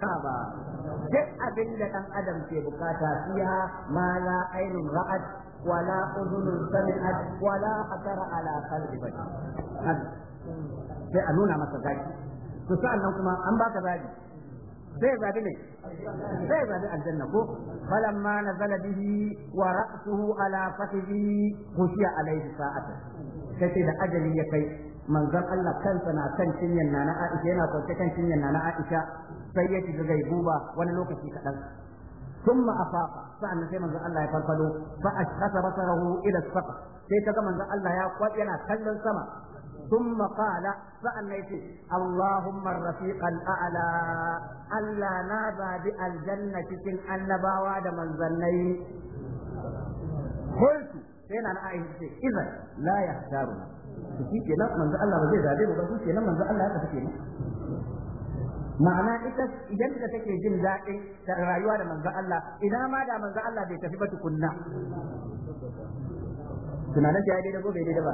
ba duk abin da ɗan adam ke bukata fiha ma la ainun ra'at wala udhunun sami'at wala khatara ala qalbi bashar sai a nuna masa zaki to sa'annan kuma an baka zaki zai zabi ne zai zabi aljanna ko falamma nazala bihi wa ra'suhu ala fakhidhi khushiya alayhi sa'atan sai da ajali ya kai manzon Allah kansa na kan cinyar na na Aisha yana kwance kan cinyar na na Aisha sai ya shiga gai guba wani lokaci kaɗan, thumma afafa sa'an sai manzon Allah ya farfado fa ashkhasa basarahu ila as-saqa sai kaga manzon Allah ya kwat yana kallon sama thumma qala sa'an nay fi allahumma ar-rafiq al-a'la alla naba bi al-jannati cikin annabawa da manzannai qultu sai na Aisha ce idan la yahtaruna to shi kenan manzo Allah ba zai zabe ba ba shi kenan manzo Allah ya tafi kenan ma'ana ita idan da take jin daɗin rayuwa da manzo Allah idan ma da manzo Allah bai tafi ba tukunna tunanin ta ya daidai ko bai daidai ba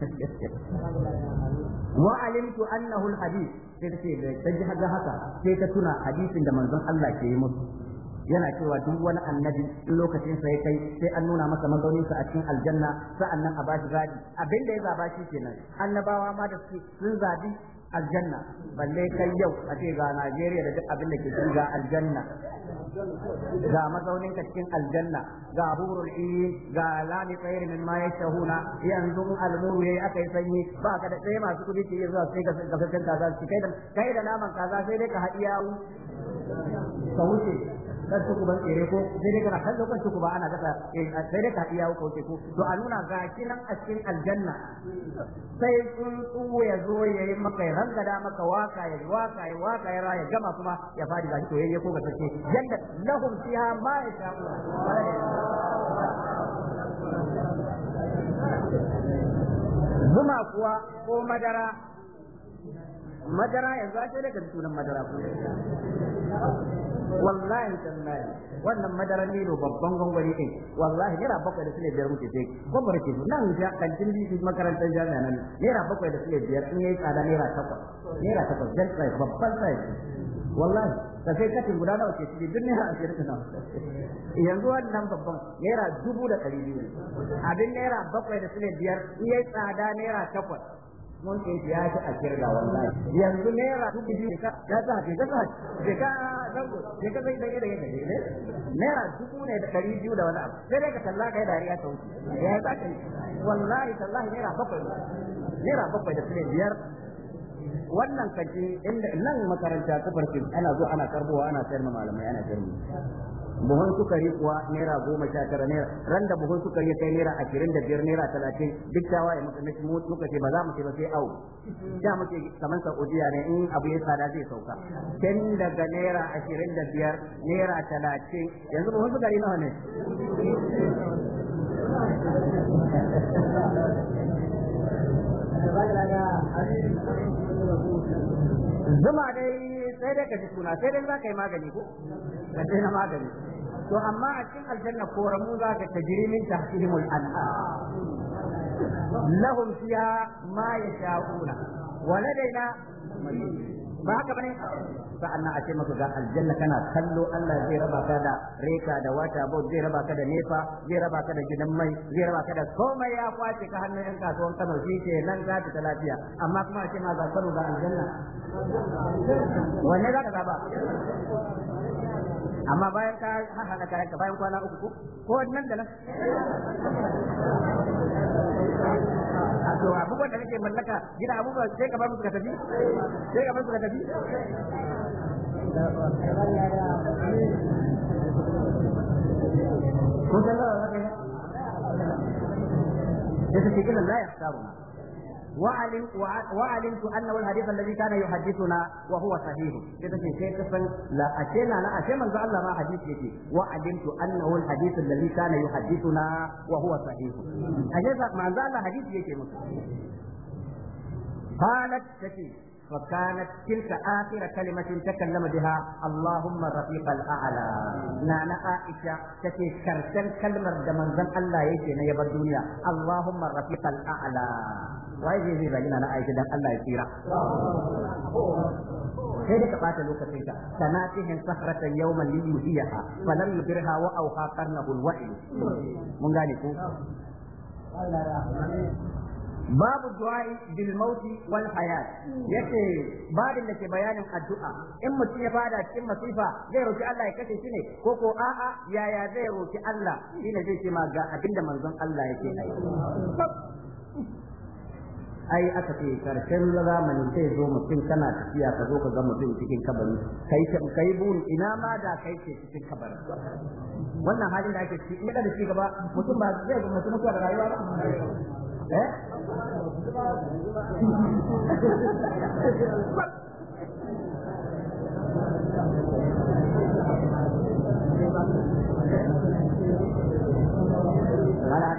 wa alimtu annahu alhadith sai ta ce da ji haka sai ta tuna hadisin da manzon Allah ke yi musu yana cewa duk wani annabi in lokacin sa ya kai sai an nuna masa mazaunin sa a cikin aljanna sa'annan a bashi zabi abin da ya zaba shi kenan annabawa ma da suke, sun zabi aljanna balle kai yau a ce ga Najeriya da duk abin da ke cikin ga aljanna ga mazaunin ka cikin aljanna ga hurul iyi ga lami tsayir min ma yashahuna yanzu almuru aka yi sanyi ba ka da tsaye masu kudi ke zuwa sai ka kaza kai da kai da naman kaza sai dai ka haɗi yawo ka wuce kan tuku ban tsere ko sai dai kana kallo kan tuku ba ana gasa eh, sai dai ka iya ko ce ko to a nuna ga kinan a cikin aljanna sai tsuntsu ya zo ya yi maka ya da maka waka ya waka ya waka ya raya gama kuma ya fadi ga to yayye ko ga take yanda lahum fiha ma yasha'u zuma kuwa ko madara madara yanzu ake da sunan madara ko wallahi tallahi wannan madaran lilo babban gwangwani ne wallahi naira bakwai da sile biyar muke sai gwamnati ke nan ja kantin bi makarantar jami'a nan naira bakwai da sile biyar in yayi tsada naira takwas naira takwas jan price babban price wallahi da sai katin guda nawa ke cikin duk naira ashirin da nawa yanzu wannan babban naira dubu da ɗari biyu abin naira bakwai da sile biyar in yayi tsada naira takwas mun ke ya ta a kirga wallahi yanzu naira dubu biyu ka ka ta ke ka ke ka zango ke ka zai dage dage ne naira dubu ne da dari biyu da wani abu sai dai ka talla kai dariya ta wuce ya za ka yi wallahi tallahi naira bakwai naira bakwai da sule biyar wannan kaje inda nan makaranta ta farkin ana zo ana karbowa ana sayar ma malamai ana jirgi buhun sukari kuwa naira goma sha tara naira ran da buhun sukari ya kai naira ashirin da biyar naira talatin duk shawa ya muka nashi muka ce ba za mu ce ba sai au da muke kamar saudiya ne in abu ya tsada zai sauka tun daga naira ashirin da biyar naira talatin yanzu buhun sukari nawa ne zuma dai sai dai ka ji suna sai dai za ka yi magani ko ka na magani to amma a cikin aljanna koramu za ka tajiri min tahtihimul anhar lahum fiha ma yasha'una wa ladaina ba haka bane sa'an nan a ce maka ga aljanna kana kallo Allah zai raba ka da reka da wata bot zai raba ka da nefa zai raba ka da gidan mai zai raba ka da komai ya kwace ka hannun yan kasuwan Kano shi ke nan za ta lafiya amma kuma a ce ma ga Kano ga aljanna wanne za ka zaba amma bayan ka haka kayan ka bayan kwana uku ko nan da nan to abubuwan da kake mallaka gida abubuwa sai ka bar musu ka tafi sai ka bar su ka tafi ko da Allah ya ce kila la yahtaruna وعلم وعلمت انه الحديث الذي كان يحدثنا وهو صحيح كده في شيء كفن لا اتينا لا اتي من الله ما حديث يجي وعلمت انه الحديث الذي كان يحدثنا وهو صحيح اجازا ما الله حديث يجي قالت تكي فكانت تلك آخر كلمة تكلم بها اللهم الرفيق الأعلى نانا عائشة تتي كرسل كلمة دمان الله يجينا يبا الدنيا اللهم الرفيق الأعلى Waye zai zai zagi na aiki dan Allah ya tsira sai da ka bata lokacin ka sana tihin sahratan yawman li yuhiyaha falam yubirha wa awha na alwa'il mun gane ko babu du'a bil maut wal hayat yace babin da ke bayanin addu'a in mutum ya fada cikin masifa zai roki Allah ya kashe shi ne ko ko a'a yaya zai roki Allah shine zai ce ma ga abinda manzon Allah yake aiki ai aka ce karshen zamanin sai zo mutum kana tafiya ka zo ka ga mutum cikin kabari kai kai bun ina ma da kai ce cikin kabari wannan halin da ake ci in da shi gaba mutum ba zai ga mutum mutuwa da rayuwa ba eh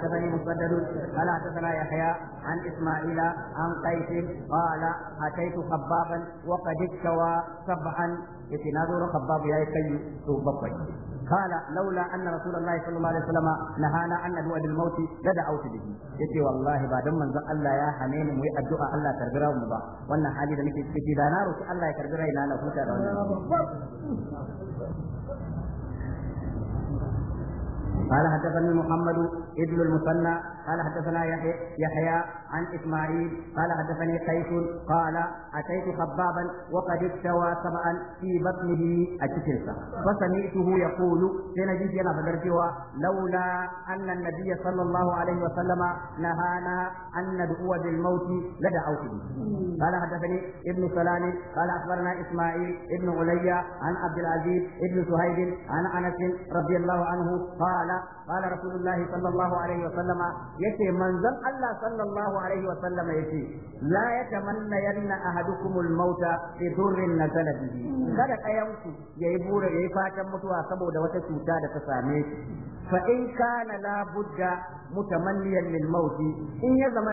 حدثني مسدد قال حدثنا يحيى عن اسماعيل عن قيس قال اتيت خبابا وقد اكتوى سبعا يتناظر خباب يا كي بقي قال لولا ان رسول الله صلى الله عليه وسلم نهانا ان ندعو بالموت لدعوت به yace wallahi ba dan manzon Allah ya hane ni mu yi addu'a Allah karbira mu ba wannan hali da nake ciki da na roki Allah ya karbira ina na huta da wannan قال حدثني محمد ابن المثنى قال حدثنا يحيى عن اسماعيل قال حدثني قيس قال اتيت خبابا وقد استوى سبعا في بطنه اتكلسا فسمعته يقول سنجد ينا فدرتوا لولا ان النبي صلى الله عليه وسلم نهانا ان ندعو بالموت لدعوته قال حدثني ابن سلام قال اخبرنا اسماعيل ابن علي عن عبد العزيز ابن سهيل عن انس رضي الله عنه قال قال رسول الله صلى الله عليه وسلم يتي من زم الله صلى الله عليه وسلم يتي لا يتمنين أحدكم الموت بضر نزل به kada ɗayanku ya yi bura ya yi fatan mutuwa saboda wata cuta da ta same shi fa in kana la budda mutamanniyan lil in ya zama